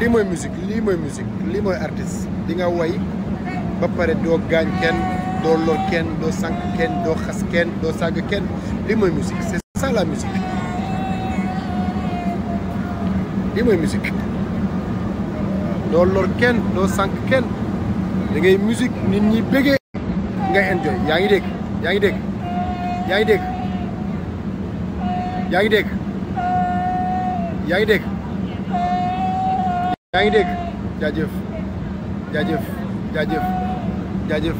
lii mooy musique lii mooy musique lii mooy artiste di nga way ba pare doo gaañ kenn doo lool kenn doo sànq kenn doo xas kenn doo sàgg kenn lii mooy musique c'est ça la doo lor kenn doo sànq kenn da ngay nit ñi bëggee nga enjoy yaa ngi dégg yaa ngi dégg yaa ngi dégg yaa ngi dégg yaa ngi dégg yaa ngi dégg jaajëf jaajëf jaajëf jaajëf